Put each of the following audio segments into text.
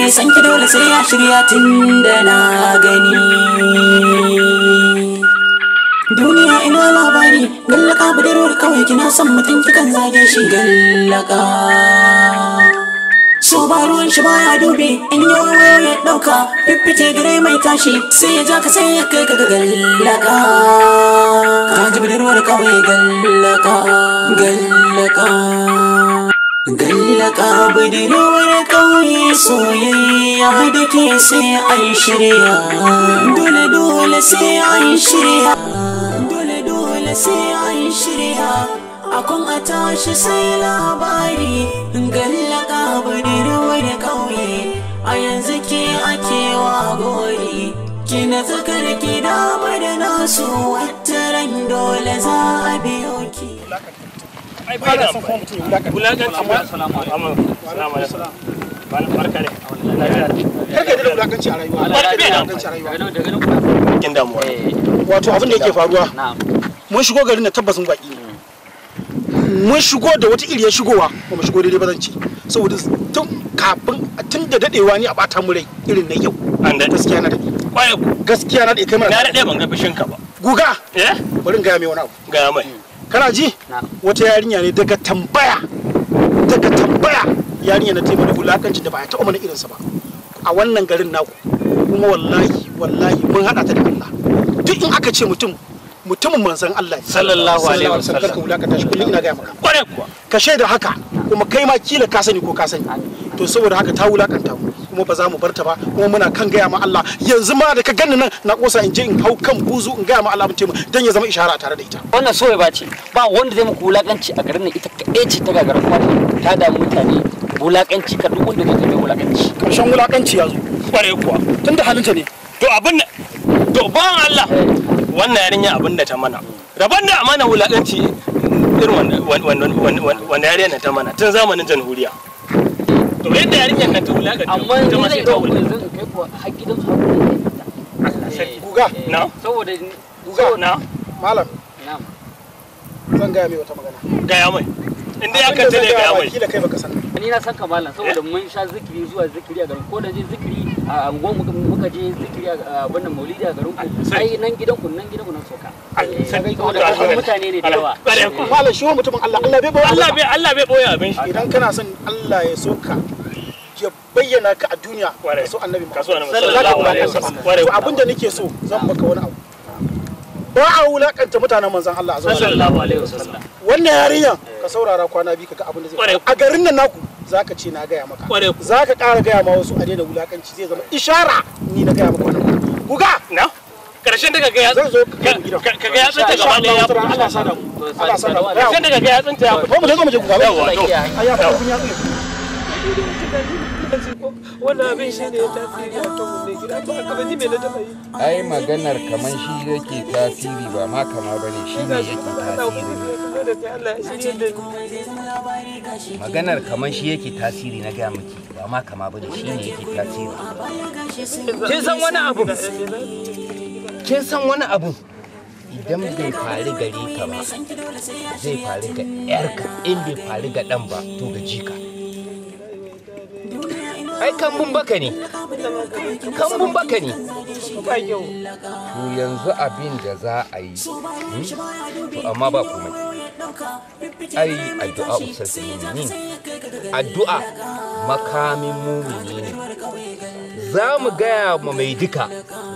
me san ki dole sai ya shirya tun da na gani duniya ina labari gallaka budurwar kawai kina son mutum kan zage shi gallaka so ba ruwan shi baya dubi in yi wayo ya dauka fiffice gare mai tashi sai ya ja ka sai ya kai ka gallaka ka ji budurwar kawai gallaka gallaka gallaka allaka budurwar ƙauye soyayya da ke sai an shirya dole dole sai an shirya dole dole sai an shirya akon a tashi sai labari gallaka budurwar ƙauye a yanzu ke ake wa gori kina tsakar ki dama da nasu wata dole za a biyo ki ba na son kuma a rayuwa barka eh. wato abin da yake faruwa mun shigo garin da tabbas baki mun shigo da wata iriyar shigowa ba mu shigo daidai ba zan ce saboda tun kafin tun da dadewa ni a bata mu rai irin na yau gaskiya na dade gaskiya na dade kai mana na dade ban ga fishin ka ba guga eh bari in ga mai wani abu ga mai mm. kana ji wata yarinya ne daga tambaya daga tambaya yarinya na taimaka wulakanci da ba a taɓa mana irinsa ba a wannan garin naku kuma wallahi wallahi mun haɗa ta da Allah duk in aka ce mutum mutumin manzon Allah sallallahu alaihi wasallam ka wulakanta shi kullum ina ga maka kware kuwa ka shaida haka kuma kai ma kila ka sani ko ka sani to saboda haka ta wulakanta mu kuma ba za mu barta ba kuma muna kan gaya ma Allah yanzu ma da ka ganni nan na kosa in je in hau kan buzu in gaya ma Allah mutum dan ya zama ishara tare da ita wannan soyayya ba ce ba wanda zai muku wulakanci a garin nan ita kaɗai ce ta gagarin kuma ta da mutane wulakanci ka duk wanda zai wulakanci karshen wulakanci ya zo kware kuwa tunda halinta ne to abin to ban Allah eh. wannan yarinya abin da ta mana rabon da amana wulakanci irin wannan yarinya ta mana tun zamanin jamhuriya to yadda yarinya ka ta wulaga amma ta ma sai ta wulaga yanzu kai ko har gidan su hakuri ne Allah sai guga na saboda guga na malam na'am zan ga mai wata magana ga mai in dai aka tare ga mai kila kai baka san ni na san ka malam saboda eh? mun sha zikiri zuwa zikiri a garin ko da je zikiri a angon muka je zikiri a wannan maulidi a garin ai nan gidan ku nan gidan ku nan soka mutane ne da yawa shi mutumin Allah Allah bai boye Allah bai Allah bai abin shi idan kana son Allah ya soka ya bayyana ka a duniya so annabi sallallahu alaihi wasallam abin da nake so zan baka wani abu ba a wulakanta mutanen manzon Allah sallallahu alaihi wasallam wannan yarinya ka saurara kwana bi ka ga abin da zai a garin nan naku zaka ce na gaya maka zaka ƙara gaya ma wasu a daina wulakanci zai zama ishara ni na gaya maka wannan kuga ƙarshen daga ga yatsun ka ga yatsun ta gaba ɗaya Allah sa da mu Allah sa da mu ƙarshen daga ga yatsun ta ya fito mu zo mu je ku ga yawa to ya kun yatsun wannan abin shi ne tasiri a kan mai gida ba ma kama ba ne shi yake tasiri maganar shi yake tasiri na gaya miki ba ma kama ba ne shi yake tasiri kin san wani abu idan bai faru gare ka ba zai faru ga yarka in bai faru ga dan ba to ga jika ai mun baka ne mun baka ne to yanzu abin da za a yi hmm? to amma ba kuma ai addu'a usar ne addu'a makamin mumini ne za mu gaya ma mai duka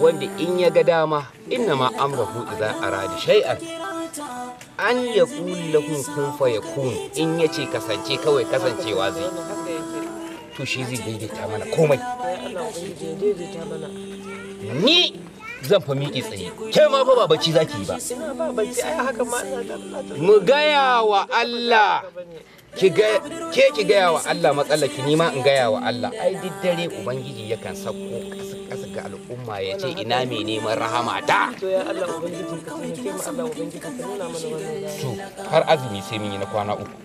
wanda in ya ga dama inna ma amrahu idza arada shay'an an ya lahum kun fa yakun in ya ce kasance kawai kasancewa zai to shi zai daidaita mana komai ni zan fa miƙe tsaye ke ma fa ba bacci zaki yi ba mu gaya wa Allah ke ki gaya wa Allah matsala ki nima in gaya wa Allah ai duk dare ubangiji yakan sako kasa ga al'umma ya ce ina mai neman rahama ta to ya Allah ubangiji ka mu har azumi sai mun yi na kwana uku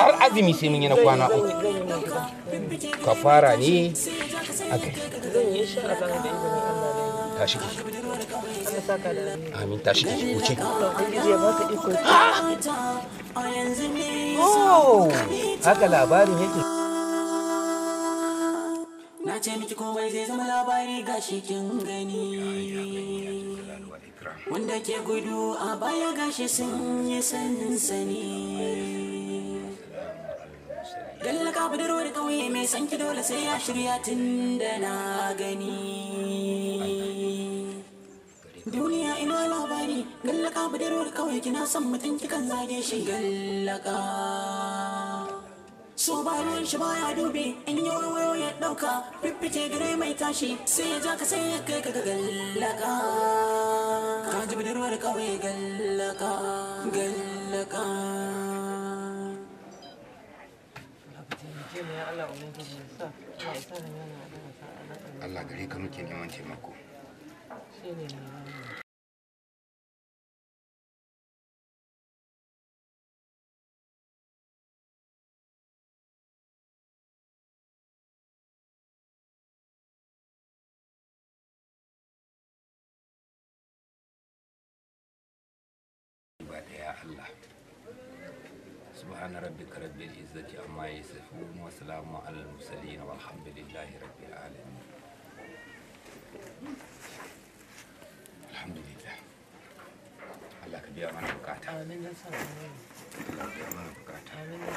har azumi sai mun yi na kwana uku fara ne a gari ki Amin tashi ki wuce. Oh, haka labarin yake. Na ce miki komai zai zama labari ga shi kin gani. Wanda ke gudu a baya gashi sun yi sanin sani. ka Dallaka da ƙauye mai sanki dole sai ya shirya tun da na gani. duniya ina labari gallaka budurwar kawai kina son mutum kikan zage shi gallaka so ba ruwan shi baya dubi in yi wayo ya dauka fiffice gare mai tashi sai ya ja ka sai ya kai ka gallaka ka ji budurwar kawai gallaka gallaka Allah gare ka muke neman taimako. Shi ne سبحان ربك رب العزة عما يصفون وسلام على المرسلين والحمد لله رب العالمين الحمد لله الله كبير من بكاتا آمين الله كبير من بكاتا آمين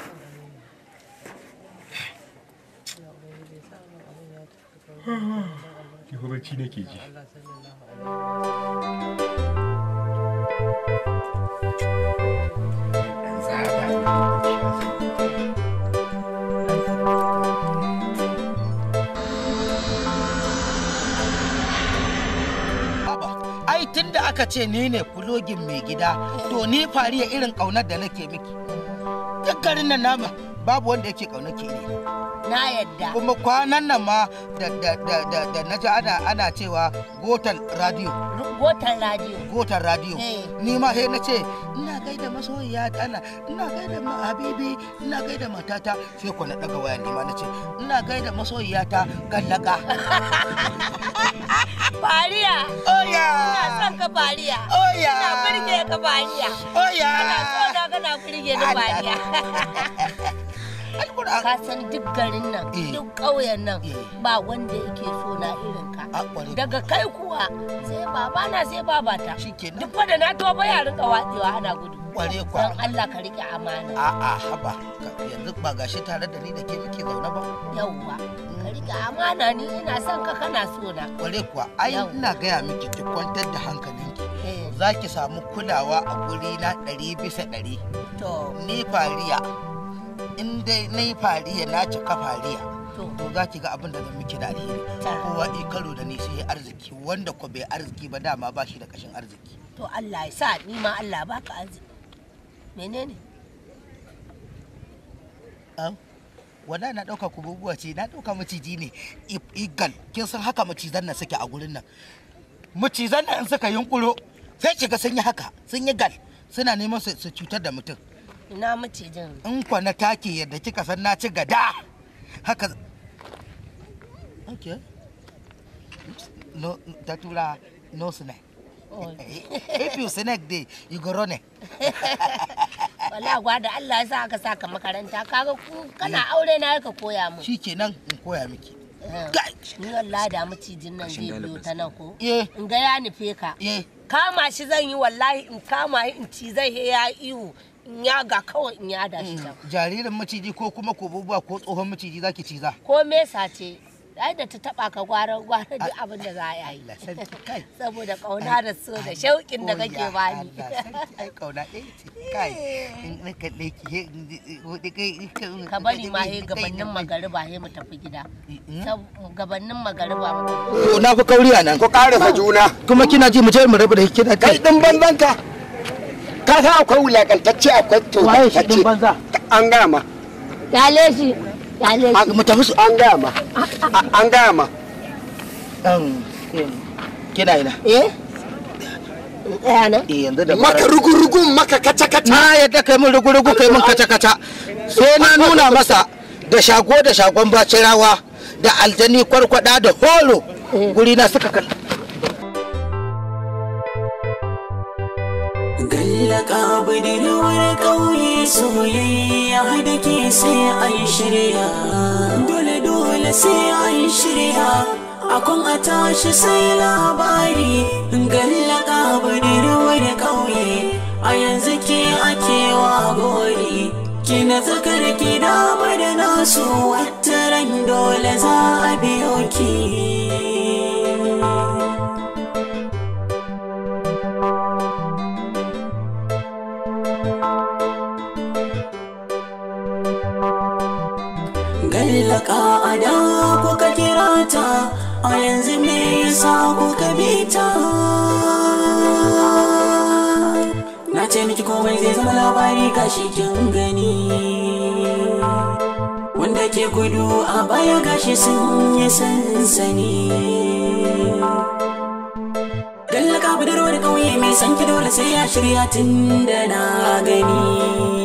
Ki hobe ci nake ji. Allah sallallahu alaihi wa sallam. kika ce ni ne kulogin mai gida to ni fariya irin ƙaunar da nake miki duk nan nama babu wanda yake ƙaunar ke ne na yadda kuma kwanan nan ma da da da da, da na ji ana ana cewa gotan radio gotan radio gotan radio eh. ni ma he na ce ina gaida masoyiya ana ina gaida ma habibi ina gaida matata sai ku na daga waya ni ma na ce ina gaida masoyiya ta gallaka fariya oya ina son ka fariya oya ina burge ka fariya oya kana so na burge ni fariya ka san duk garin nan eh. duk ƙauyen nan eh. ba wanda yake so na irin ka daga kai kuwa sai baba na sai baba ta duk da na to ba yarin ka watsewa ana gudu kware kwa don Allah ka rike amana a haba yanzu ba gashi tare da ni da ke muke zaune ba Yauwa, ka mm. rike amana ni ina son ka kana so na kware kwa ai ina gaya miki ki kwantar da hankalinki eh. za ki samu kulawa a guri na ɗari bisa ɗari ni fariya in dai na yi fariya na cika fariya to za ki ga abin da zan miki da alheri kowa i karo da ni sai arziki wanda ko bai arziki ba dama ba shi da kashin arziki to Allah ya sa ni ma Allah ba ka arziki menene an wanda na dauka kububuwa ce na dauka maciji ne igal kin san haka macizan nan suke a gurin nan macizan nan in suka yunkuro sai kiga sun yi haka sun yi gal suna neman su cutar da mutum ina macijin in kwa na take yadda kika san na ci gada haka okay no ta tura no snack if you snack day, you go run wala da Allah ya sa aka saka makaranta kaga ku kana eh. aure na ka koya mu shikenan in koya miki eh. ni wallahi da macijin nan zai biyo ta nan ko eh. in ga ya nufe ka kama shi zan yi wallahi in kama in ci zai ya ihu in ga kawai in da shi can. Mm. Jaririn maciji ko kuma ko bubuwa ko tsohon maciji zaki ciza. Ko me sace ai da ta taba ka gwara gwara duk abin da za a yi saboda kauna da so da shauƙin da kake bani ai kauna ɗaya ce kai in ka ɗaki ka bari ma he gabanin magariba he mu tafi gida mm-hmm. gabanin magariba ko na fi kauri a nan ko sa juna kuma kina ji mu je mu rabu da kina kai din banzanka ka san akwai wulakantacce akwai tozantacce an su an an eh? Eh, eh, maka rugurugu maka kaca na yadda kai mun rugurugu kai mun kaca sai na nuna masa da shago da shagon bacirawa da aljani kwarkwada da holo guri na suka kalla Kallaka budurwar ƙauye soyayya da ke sai an shirya. Dole dole sai an shirya, akon a tashi sai labari. Kallaka budurwar ƙauye a yanzu ke ake wa gori. Kina tsakar ki dama da nasu wata ran dole za a biyo ki. Ka ada ku ka kira ta a yanzu me yasa ka bi ta na ce miki komai zai zama labari gashi kin gani wanda ke gudu a baya gashi sun yi sansani dallaka budurwar kauye mai sanki dole sai ya shirya tun da na gani